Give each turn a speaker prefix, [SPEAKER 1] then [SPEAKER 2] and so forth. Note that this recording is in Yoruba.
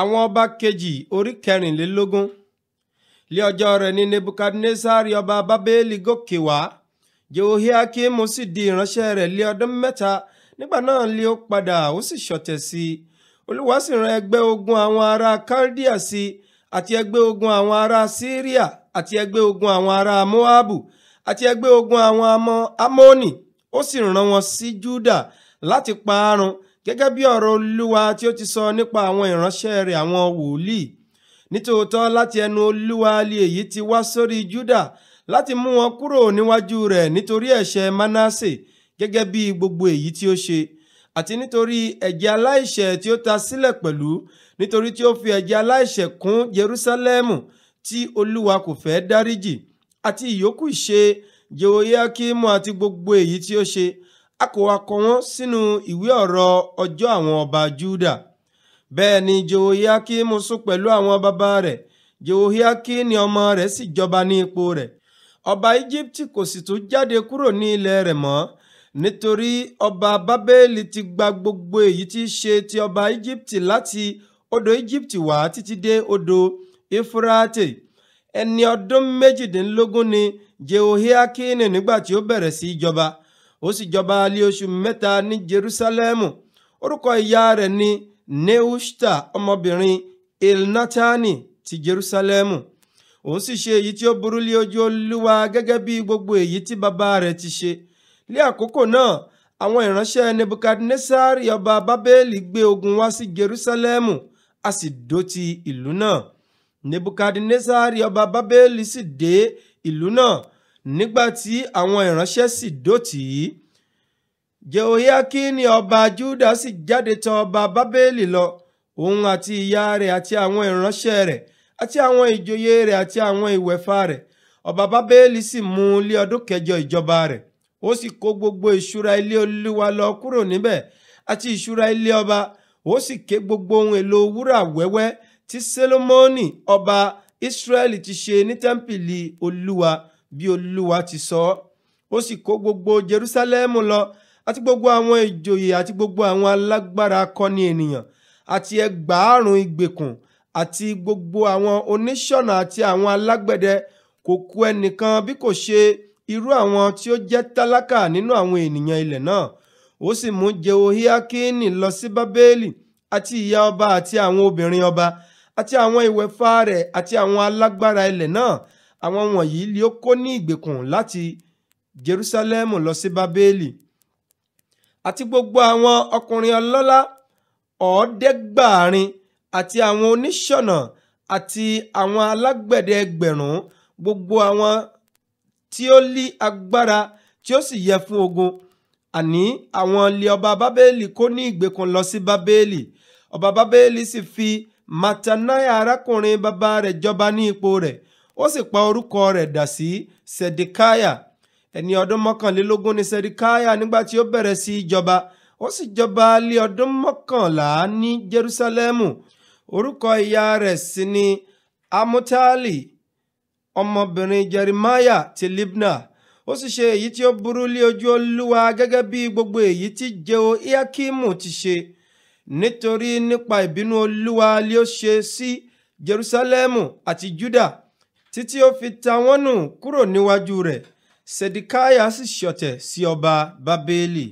[SPEAKER 1] àwọn ọba kejì orí kẹrìnlélógún lé ọjọ́ rẹ̀ ní nebukadnesari ọba babeli gòkè wá jehoiakim sì di ìránṣẹ́ rẹ̀ lé ọdún mẹ́ta nígbà náà lé ó padà ó sì ṣọ̀tẹ̀ sí i olúwa sì rán ẹgbẹ́ ogun àwọn ará kaldea sí i àti ẹgbẹ́ ogun àwọn ará syria àti ẹgbẹ́ ogun àwọn ará moabu àti ẹgbẹ́ ogun àwọn amóni ó sì rán sí juda láti pa gẹ́gẹ́ bí ọ̀rọ̀ olúwa tí ó ti sọ nípa àwọn ìránṣẹ́ rẹ̀ àwọn wòlíì nítòótọ́ láti ẹnu olúwa li èyí ti wá sórí Júdà láti mú wọn kúrò níwájú rẹ̀ nítorí ẹ̀ṣẹ̀ Manase gẹ́gẹ́ bí gbogbo èyí tí ó ṣe àti nítorí ẹ̀jẹ̀ aláìṣẹ̀ tí ó ta sílẹ̀ pẹ̀lú nítorí tí ó fi ẹ̀jẹ̀ aláìṣẹ̀ kún Jerúsálẹ́mù tí olúwa kò fẹ́ dáríjì àti ìyókù ìṣe Jehoiakimu àti gbogbo èyí tí ó ṣe a kò wá kọ wọ́n sínú ìwé ọ̀rọ̀ ọjọ́ àwọn ọba Júdà bẹ́ẹ̀ ni Jehoiakimu sùn pẹ̀lú àwọn bàbá rẹ̀ Jehoiaki ni ọmọ rẹ̀ sì jọba ní ipò rẹ̀ ọba Íjíbítì kò sì tún jáde kúrò ní ilẹ̀ rẹ̀ mọ́ nítorí ọba Bábélì ti gba gbogbo èyí tí í ṣe ti ọba Íjíbítì láti odò Íjíbítì wá títí dé odò Éfúrátè ẹni ọdún méjìdínlógún ni Jehoiakini nígbà tí ó bẹ̀rẹ̀ sí í jọba ó sì jọba lé oṣù mẹ́ta ní Jerúsálẹ́mù orúkọ ìyá rẹ̀ ni Neushta ọmọbìnrin ilnatani ti Jerusalemu, òun sì ṣe èyí tí ó burú lé ojú Olúwa gẹ́gẹ́ bí gbogbo èyí tí bàbá rẹ̀ ti ṣe ní àkókò náà àwọn ìránṣẹ́ Nebukadnesari ọba Bábélì gbé ogun wá sí Jerúsálẹ́mù a sì dó ti ìlú náà Nebukadnesari ọba Bábélì sì dé ìlú náà nígbà tí àwọn ìránṣẹ́ sì dòtí jehoiakini ọba juda sì jáde tọ̀ ọba bábélì lọ òun àti ìyá rẹ̀ àti àwọn ìránṣẹ́ rẹ̀ àti àwọn ìjòyè rẹ̀ àti àwọn ìwẹ̀fà rẹ̀ ọba bábélì sì mú un lé ọdún kẹjọ ìjọba rẹ̀ ó sì kó gbogbo ìṣúra ilé olúwa lọ kúrò níbẹ̀ àti ìṣúra ilé ọba ó sì ké gbogbo ohun èlò wúrà wẹ́wẹ́ tí sélómọ́nì ọba israẹli ti ṣe ní tẹ́ḿpìlì olúwa bí olúwa ti sọ ó sì kó gbogbo jerúsálẹ́mù lọ àti gbogbo àwọn ìjòyè àti gbogbo àwọn alágbára akọni ènìyàn àti ẹgbàárùn ìgbèkùn àti gbogbo àwọn oníṣọ̀nà àti àwọn alágbẹ̀dẹ kò kù ẹnìkan bí kò ṣe irú àwọn tí ó jẹ́ tálákà nínú àwọn ènìyàn ilẹ̀ náà ó sì mú jehoiakini lọ sí bábélì àti ìyá ọba àti àwọn obìnrin ọba àti àwọn ìwẹ̀fà rẹ̀ àti àwọn alágbára ilẹ̀ náà àwọn wọ̀nyí ni ó kó ní ìgbèkùn láti Jerúsálẹ́mù lọ sí Bábélì àti gbogbo àwọn ọkùnrin ọlọ́lá ọ̀ọ́dẹ́gbàárin àti àwọn oníṣọ̀nà àti àwọn alágbẹ̀dẹ ẹgbẹ̀rún gbogbo àwọn tí ó lí agbára tí ó sì yẹ fún ogun àní àwọn ilé ọba Bábélì kó ní ìgbèkùn lọ sí Bábélì ọba Bábélì sì fi Mataniah arákùnrin bàbá rẹ̀ jọba ní ipò rẹ̀ ó sì pa orúkọ rẹ̀ dà sí sẹ̀díkáyà ẹni ọdún mọ́kànlélógún ni sẹ̀díkáyà nígbà tí ó bẹ̀rẹ̀ sí ìjọba ó sì jọba lé ọdún mọ́kànlá ní Jerúsálẹ́mù orúkọ ìyá rẹ̀ sì ni amútálì ọmọbìnrin Jeremiah ti Libna ó sì ṣe èyí tí ó burú lé ojú Olúwa gẹ́gẹ́ bí gbogbo èyí tí Jehoiakimu ti ṣe nítorí nípa ìbínú Olúwa lé ó ṣe sí Jerúsálẹ́mù àti Juda títí ó fi ta wọ́n nù kúrò níwájú rẹ̀ sẹ̀díkáyà sì ṣọ̀tẹ̀ sí ọba bábélì